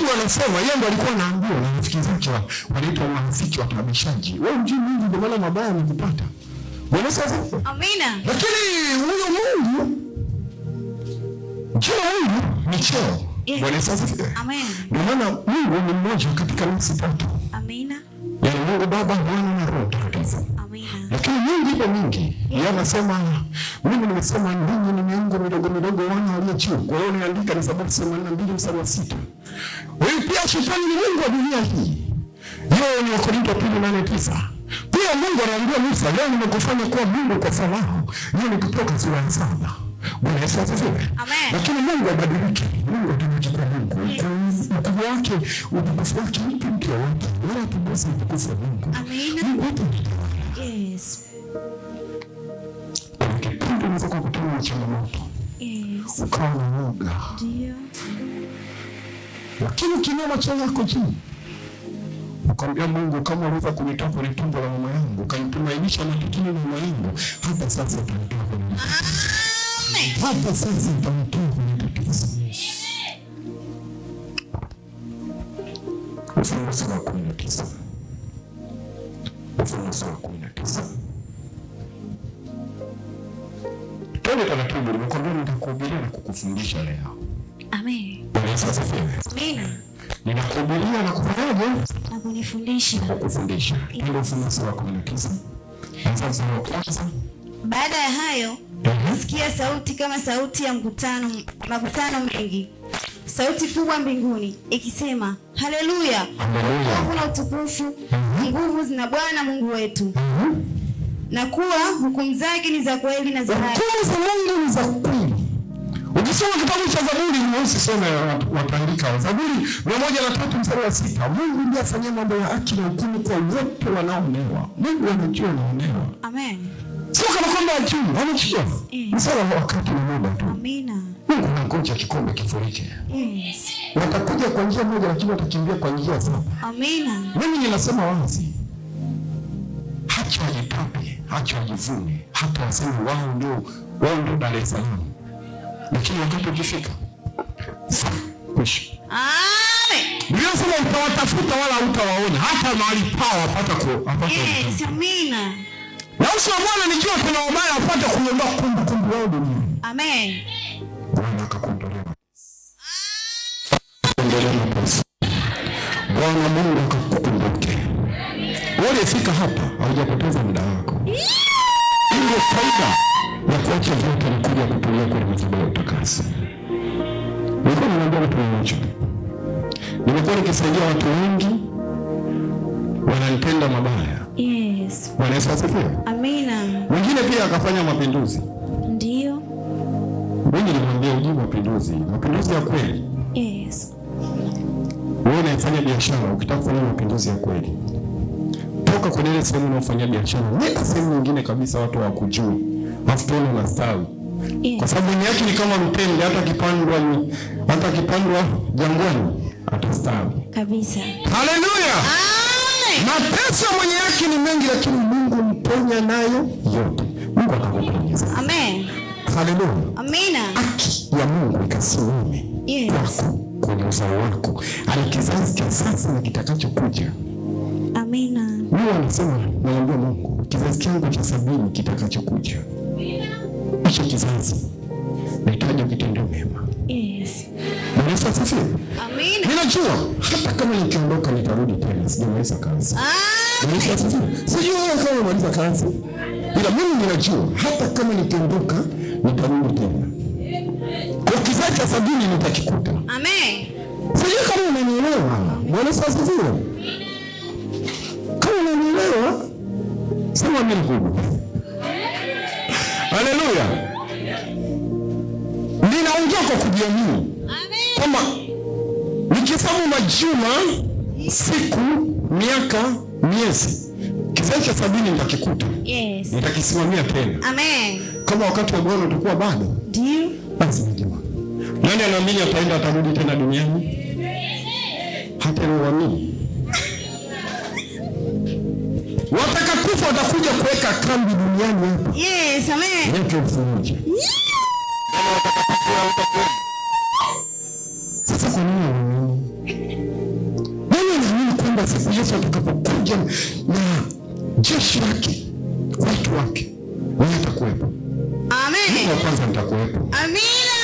Mungu wanasema yeye ndo alikuwa anaambiwa na rafiki zake wanaitwa marafiki watabishaji. Wewe mjini Mungu ndio maana mabaya amekupata. Bwana sasa. Amina. Lakini huyo Mungu Jina Mungu ni cheo. Bwana sasa. Amen. Ndio maana Mungu ni mmoja katika nafsi tatu. Amina. Yaani Mungu Baba, Mwana na Roho Mtakatifu lakini mingi ipo mingi. Yeye anasema mimi nimesema ninyi ni miungu midogo midogo wana walio juu. Kwa hiyo niandika ni Zaburi mbili mstari wa sita. Wewe pia shetani ni mungu wa dunia hii. Yeye ni Wakorintho nane tisa. Pia Mungu anaambia Musa, leo nimekufanya kuwa Mungu kwa Farao. Yeye ni kutoka sura ya saba. Bwana Yesu asifiwe. Lakini Mungu abadiliki. Mungu atabaki kwa Mungu. Ukuu wake, utukufu wake, mtu mtu wake. Wala tukosa utukufu wa Mungu. Amina. ukawa uoga, lakini ukiinua cha yako juu ukamwambia Mungu, kama uliweza kunitoa kwenye tumbo la mama yangu ukanitumainisha matikini na mama yangu, hata sasa utanitoa kwenye tatizo, hata sasa utanitoa kwenye tatizo. Ufunuo sura ya kumi na tisa Ufunuo sura kumi na tisa Twende taratibu, nimekuambia nitakuhubiria na kukufundisha leo. Amen. Ninakuhubiria na kufanyaje? Na kunifundisha. Na kukufundisha. Ndio somo la 19. Sasa wa 19. Baada ya hayo, mhm. nasikia sauti kama sauti ya mkutano, makutano mengi. Sauti kubwa mbinguni ikisema, Haleluya. Haleluya. Kuna utukufu, mhm. nguvu zina Bwana Mungu wetu. Mm -hmm na kuwa hukumu zake ni za kweli na za haki. Hukumu za Mungu ni za kweli. Ukisoma kitabu cha Zaburi ni weusi sana wataandika. Zaburi mia moja na tatu mstari wa sita Mungu ndiye afanyia mambo ya haki na hukumu kwa wote wanaoonewa. Mungu anajua wanaonewa. Amen. Sio kama kwamba ajui, anajua. Ni swala la wakati na muda tu. Amina. Mungu anangoja kikombe kifurike. Yes. Watakuja kwa njia moja lakini watakimbia kwa njia saba. Amina. Mimi ninasema wazi. Haki haijitwapi haki wajivune, hata wasema wao ndio wao ndio Dar es Salaam, lakini wakati ukifika ndio Sema utawatafuta wala utawaona hata mahali pao wapata uh, na uso wa Bwana nikiwa kuna wabaya apate kuondoa kumbukumbu yao duniani. Amen. Bwana akakuondolea Bwana Mungu Walifika hapa hawajapoteza muda wako. Ile faida ya kuacha vyote na kuja kutulia kwenye madhabahu ya utakaso. Nilikuwa ninaambia watu mmoja, nimekuwa nikisaidia watu wengi wanantenda mabaya. Yes. Bwana Yesu asifiwe. Amina. Wengine pia akafanya mapinduzi. Ndio. Mimi nilimwambia ujui mapinduzi, mapinduzi ya kweli. Yes. Wewe unafanya biashara ukitaka kufanya mapinduzi ya kweli kwenye ile sehemu unaofanyia biashara, weka sehemu nyingine kabisa, watu wakujue, halafu tuone unastawi. Yeah. Kwa sababu ni yake ni kama mpende, hata kipandwa ni hata kipandwa jangwani atastawi kabisa. Haleluya, amen. Mateso mwenye yake ni mengi, lakini Mungu mponya nayo yote. Mungu atakuponya. Amen. Haleluya, amina. Haki ya Mungu ikasimame yes, kwako kwenye uzao wako, ana kizazi cha sasa na kitakachokuja. Mimi anasema naambia Mungu, kizazi changu cha sabini kitakachokuja hicho kizazi nahitaji kitendea mema. Sisi ninajua hata kama nikiondoka nitarudi tena, sijamaliza kazi. Ah. Sijui wewe kama umaliza kazi, ila mimi ninajua hata kama nikiondoka nitarudi tena. Kwa kizazi cha sabini nitakikuta. Amen. Sijui kama unanielewa mwana sasa kama unanielewa, sema ni mkubwa. Haleluya, ninaongea kwa kujiamini kwamba nikihesabu majuma, siku, miaka, miezi, kizazi cha sabini nitakikuta, yes. Nitakisimamia tena. Amen. Kama wakati wa Bwana utakuwa bado basi, najua nani anaamini ataenda atarudi tena duniani, hata naamini Watukufu watakuja kuweka kambi duniani hapa. Yes, Sasa kwa nini waamini? kwamba siku Yesu atakapokuja na jeshi lake, watu wake, wewe Amen. Wa kwanza nitakuwepo. Amina.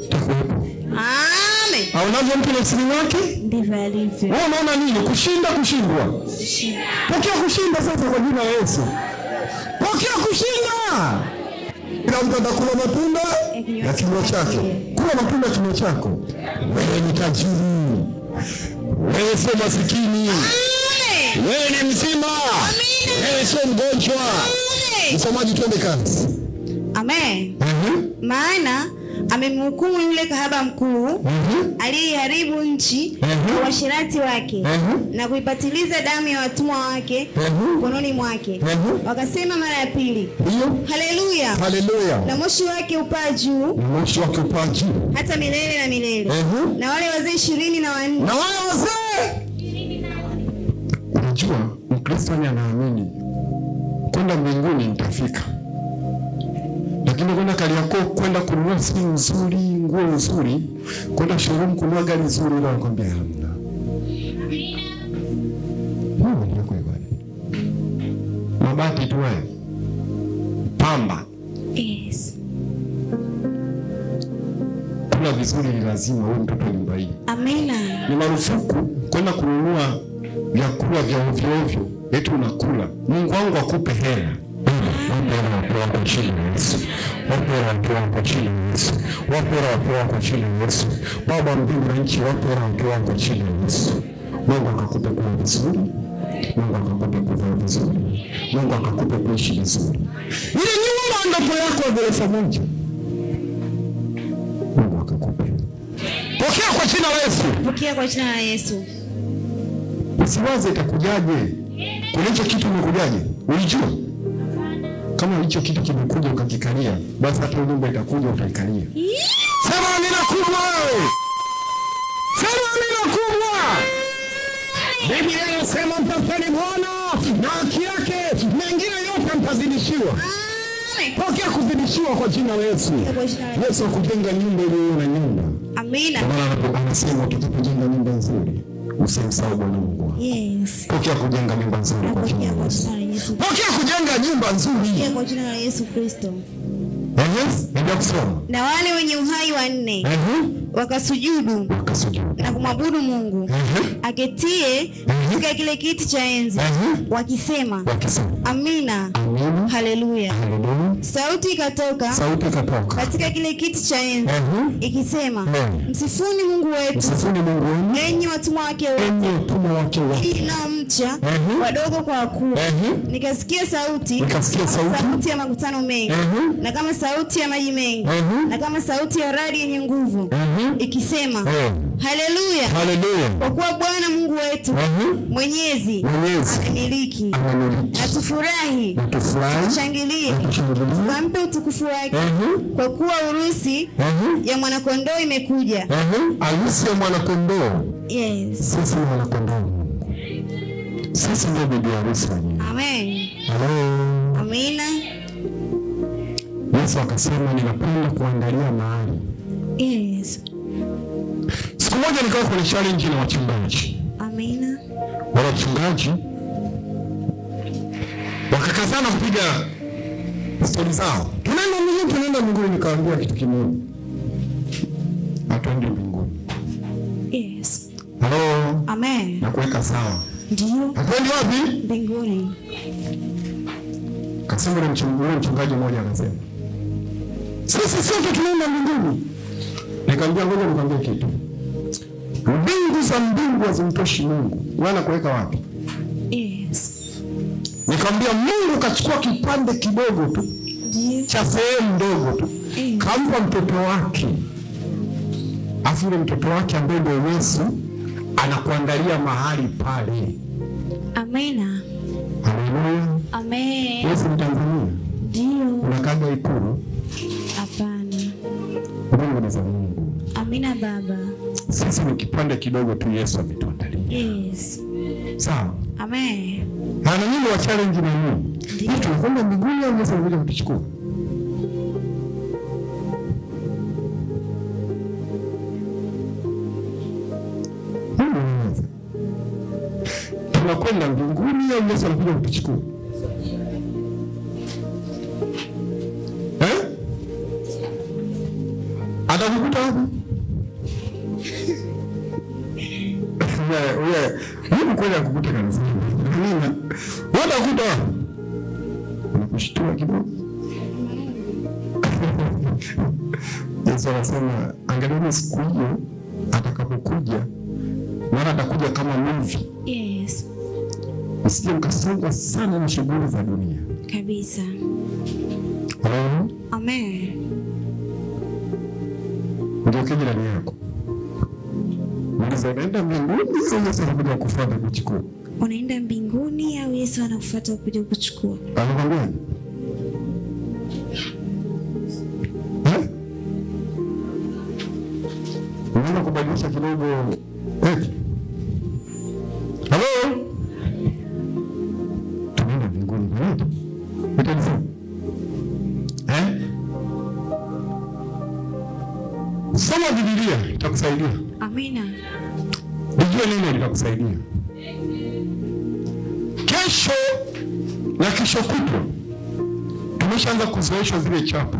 Nitakuwepo. Amen. mtu na siri wewe unaona nini? Kushinda, kushindwa. Pokea kushinda sasa kwa jina la Yesu. Pokea kushinda. Kila mtu atakula matunda ya kinywa chake. Kula matunda ya kinywa chako. Wewe ni tajiri, wewe sio masikini, wewe ni mzima, wewe sio mgonjwa. Msomaji, twende kazi. Amen. Mhm. Maana amemhukumu yule kahaba mkuu uh mhm. -huh. aliyeiharibu nchi uh mhm. -huh. kwa washirati wake uh mhm. -huh. na kuipatiliza damu ya watumwa wake mkononi uh -huh. mwake uh -huh. wakasema mara ya pili, haleluya, haleluya, na moshi wake upaa juu, moshi wake upaa juu hata milele na milele uh -huh. na wale wazee ishirini na wanne na wale wazee unajua, Mkristo anaamini kwenda mbinguni nitafika lakini kwenda Kariakoo, kwenda kununua simu nzuri, nguo nzuri, kwenda showroom kununua gari nzuri, na nakwambia hamna. Mabati tu wewe. Pamba. Yes. Kula vizuri ni lazima wewe mtoto nyumba hii. Amina. Ni marufuku kwenda kununua vyakula vya ovyo ovyo. Eti unakula. Mungu wangu akupe hela wapo kwa chini ya Yesu, kwa chini ya Yesu, kwa chini Yesu. Baba mbingu na nchi, wapo kwa chini Yesu. Mungu akakupe kuwa vizuri, Mungu akakupe kuvaa vizuri, Mungu akakupe kuishi vizuri. Ile nyumba ndoto yako ya ghorofa moja, Mungu akakupe. Pokea kwa jina la Yesu, pokea kwa jina la Yesu. Siwaze itakujaje, kuna kitu umekujaje, ulijua kama hicho kitu kimekuja ukakikalia, basi hata nyumba itakuja utaikalia. Sema amina kubwa, wewe sema amina kubwa. Biblia inasema mtafuteni Bwana na haki yake, mengine yote mtazidishiwa. Pokea kuzidishiwa kwa jina la Yesu. Yesu akujenga nyumba iliyo na nyumba. Amina. Anasema tutakapojenga nyumba nzuri Usimsahau Bwana Mungu Yes. Pokea kujenga nyumba nzuri. Pokea kujenga nyumba nzuri. Kwa jina la Yesu Kristo yes, na wale wenye uhai wanne uh mhm. -huh. wakasujudu Wakasujudu. na kumwabudu Mungu uh aketie mhm. katika kile kiti cha enzi uh wakisema, wakisema. Amina, Amina. Haleluya. Sauti ikatoka katika kile kiti cha enzi uh -huh. ikisema Amen. Msifuni Mungu wetu, enyi watumwa wake wote, ili mnaomcha, wadogo kwa wakuu. Nikasikia sauti, sauti ya makutano mengi na kama sauti sauti ya maji mengi uh mhm. -huh. na kama sauti ya radi yenye nguvu uh mhm. -huh. ikisema uh eh. -huh. haleluya, haleluya, kwa kuwa Bwana Mungu wetu uh mhm. -huh. mwenyezi, mwenyezi amemiliki, na tufurahi tushangilie, tukampe utukufu wake uh -huh. kwa kuwa urusi uh -huh. ya mwanakondoo imekuja uh -huh. arusi ya mwanakondoo yes. sisi ni mwanakondoo sisi ndio bibi harusi. Amen. Amen. Amina. Yesu akasema ninapenda kuandalia mahali. Yes. Siku moja nikawa kwenye challenge na wachungaji. Amina. Wale wachungaji wakakazana kupiga stori zao, tunaenda mbinguni, tunaenda mbinguni. Nikaambia kitu kimoja, hatuendi mbinguni. Yes. Hello. Amen. Nakuweka sawa. Ndio. Hatuendi wapi? Mbinguni. Kasema ni mchungaji mmoja anasema sisi sote tunaenda mbinguni. Nikamwambia ngoja nikwambie kitu, mbingu za mbingu hazimtoshi Mungu, wana kuweka wapi? Yes. Nikamwambia Mungu kachukua kipande kidogo tu cha sehemu ndogo tu kampa mtoto wake, afu mtoto wake ambaye ndio Yesu anakuandalia mahali pale. Amina. Amen. Yesu Mtanzania. Ndio. Unakaga Ikulu Mungu ni za Mungu. Amina baba. Sisi ni kipande kidogo tu Yesu ametuandalia. Yes. Sawa. Amen. Maana wa challenge Tunakwenda mbinguni au Yesu anakuja kutuchukua? Tunakwenda mbinguni au Yesu anakuja kutuchukua? atakukuta wapi? kweli akukuta kanisani. Amina. wapi? Unakushtua kidogo. Yesu anasema angalieni siku hiyo atakapokuja, maana atakuja kama mwivi. Yes. Msije mkasongwa sana na shughuli za dunia kabisa. Amen. Amen mgeukie jirani yako, unaenda mbinguni au Yesu anakuja kufuata kuchukua? Unaenda mbinguni au Yesu anakufuata kuja kuchukua? Anakwambia unaweza kubadilisha kidogo eti Soma Biblia itakusaidia. Amina. Ujue neno litakusaidia kesho na kesho kutwa. Tumeshaanza kuzoeshwa zile chapa,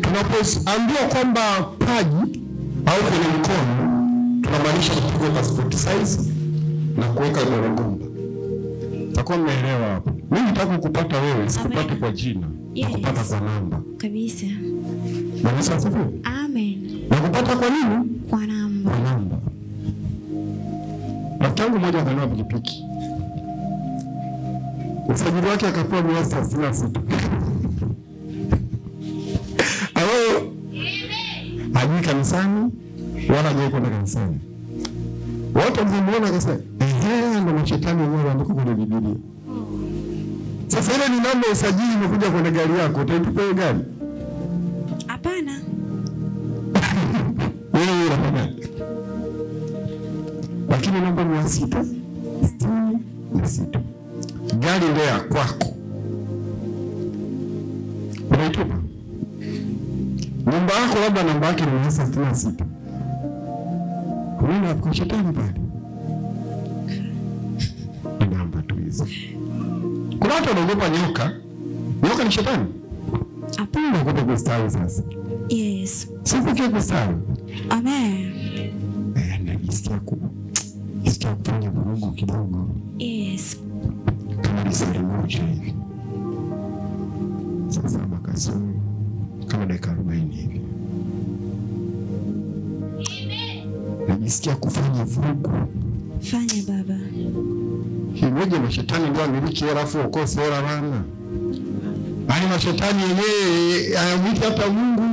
tunapoambiwa kwamba paji au kwenye mkono tunamaanisha kupigwa passport size na kuweka gorogomba. Takuwa mnaelewa hapo. Mimi nitaka kupata wewe, sikupate kwa jina, yes. Kupata kwa namba kabisa. Bwana asifiwe. Ah, Nakupata kwa nini? Kwa namba. Kwa namba. Rafiki yangu mmoja akanua pikipiki. Usajili wake akapewa milioni thelathini na sita. Hao hajui kanisani wala hajui kwenda kanisani. Watu walimuona akasema, "Eh, ndio mashetani wenyewe waandiko kwenye Biblia." Oh. Sasa ile ni namba namna usajili umekuja kwenye gari yako, utaitupa gari. sita sitini na sita. Gari ndio ya kwako, unaitupa nyumba yako, labda namba yake ni mia sitini na sita, unaenda kwa shetani pale. namba tu hizo. Kuna watu wanaogopa nyoka. Nyoka ni shetani? Hapana. Unaogopa kustawi sasa? Yes. Sikukia kustawi. Amen. Eh, najisikia kubwa tutafanya vurugu kidogo. Yes. Kama ni saa moja hivi, Sasa saba kama dakika arobaini hivi najisikia kufanya vurugu. Fanya baba. Himoja mashetani ndio amiliki hela afu ukose hela bana. Yaani mashetani yenyewe hayamwiti hata Mungu.